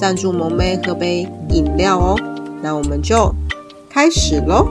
贊助萌咩喝杯飲料哦，那我們就開始嘍！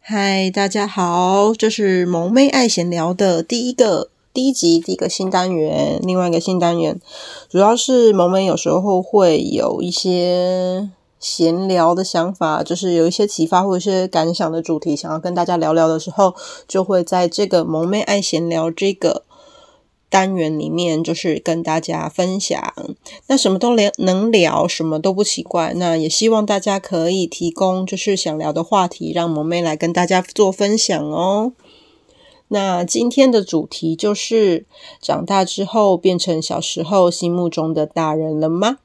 嗨，大家好，這是萌咩愛閒聊的第一個第一集第一個新單元，另外一個新單元，主要是萌咩有時候會有一些。閒聊的想法，就是有一些啟發或者是感想的主題，想要跟大家聊聊的時候，就會在這個“萌咩愛閒聊”這個單元裡面，就是跟大家分享。那什麼都能聊，什麼都不奇怪。那也希望大家可以提供，就是想聊的話題，讓萌咩來跟大家做分享哦。那今天的主題就是：長大之後變成小時候心目中的大人了嗎？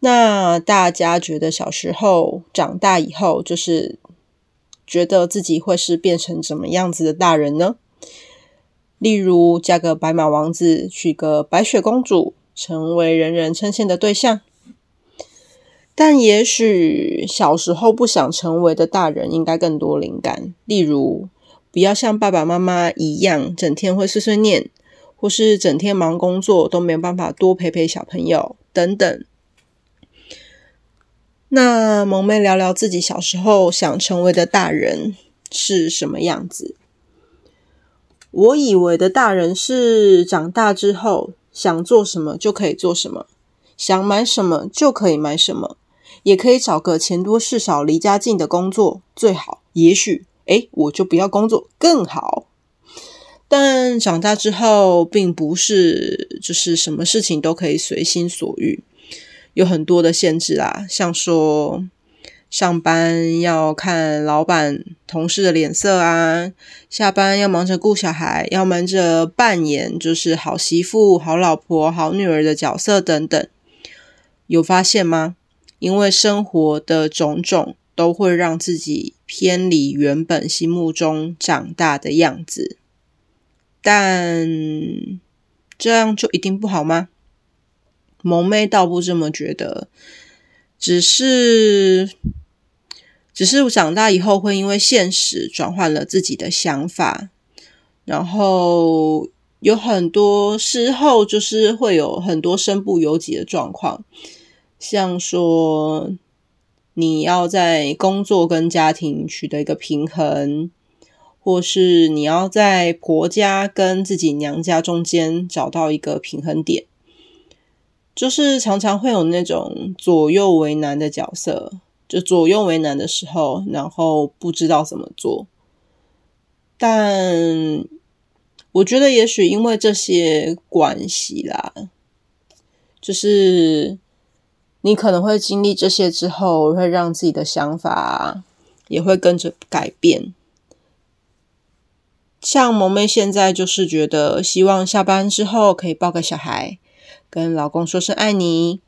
那大家覺得小時候長大以後，就是覺得自己會是變成怎麼樣子的大人呢？例如，嫁個白馬王子，娶個白雪公主，成為人人稱羨的對象。但也許小時候不想成為的大人，應該更多靈感，例如不要像爸爸媽媽一樣，整天會碎碎念，或是整天忙工作，都沒有辦法多陪陪小朋友等等。那萌咩聊聊自己小時候想成為的大人是什麼樣子？我以為的大人是長大之後想做什麼就可以做什麼，想買什麼就可以買什麼，也可以找個錢多事少離家近的工作最好。也許，哎，我就不要工作更好。但長大之後，並不是就是什麼事情都可以隨心所欲。有很多的限制啊，像說上班要看老闆同事的臉色啊，下班要忙着顧小孩，要忙着扮演就是好媳婦、好老婆、好女兒的角色等等，有發現嗎？因為生活的種種都會讓自己偏離原本心目中長大的樣子，但這樣就一定不好嗎？萌咩倒不這麼覺得，只是，只是長大以後會因為現實轉換了自己的想法，然後有很多時候就是會有很多身不由己的狀況，像說你要在工作跟家庭取得一個平衡，或是你要在婆家跟自己娘家中間找到一個平衡點。就是常常會有那種左右為難的角色，就左右為難的時候，然後不知道怎麼做。但我覺得，也許因為這些關係啦，就是你可能會經歷這些之後，會讓自己的想法也會跟着改變。像萌咩現在就是覺得，希望下班之後可以抱個小孩。跟老公說聲愛你，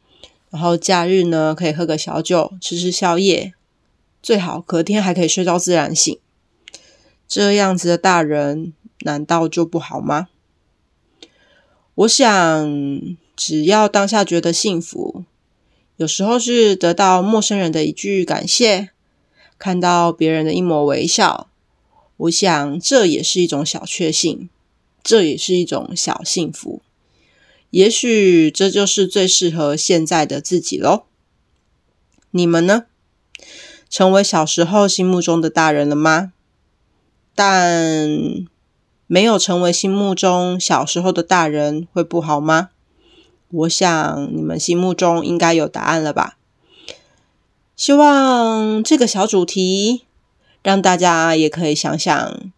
然後假日呢，可以喝個小酒，吃吃宵夜，最好隔天還可以睡到自然醒。這樣子的大人難道就不好嗎？我想，只要當下覺得幸福，有時候是得到陌生人的一句感謝，看到別人的一抹微笑，我想這也是一種小確幸，這也是一種小幸福。也許這就是最適合現在的自己嘍。你們呢？成為小時候心目中的大人了嗎？但沒有成為心目中小時候的大人會不好嗎？我想你們心目中應該有答案了吧？希望這個小主題讓大家也可以想想。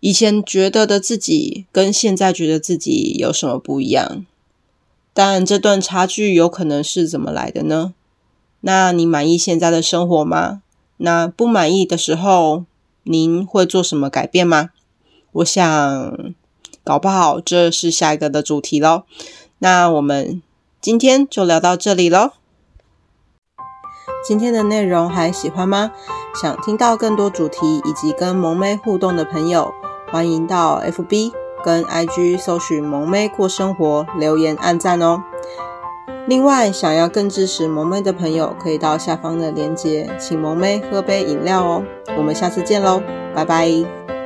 以前覺得的自己跟現在覺得自己有什麼不一樣？但這段差距有可能是怎麼來的呢？那你滿意現在的生活嗎？那不滿意的時候，您會做什麼改變嗎？我想，搞不好這是下一個的主題咯。那我們今天就聊到這裡嘍。今天的內容還喜歡嗎？想聽到更多主題以及跟萌咩互動的朋友。歡迎到 F B 跟 I G 搜尋萌咩過生活，留言按讚哦。另外，想要更支持萌咩的朋友，可以到下方的鏈接，請萌咩喝杯飲料哦。我們下次見嘍，拜拜。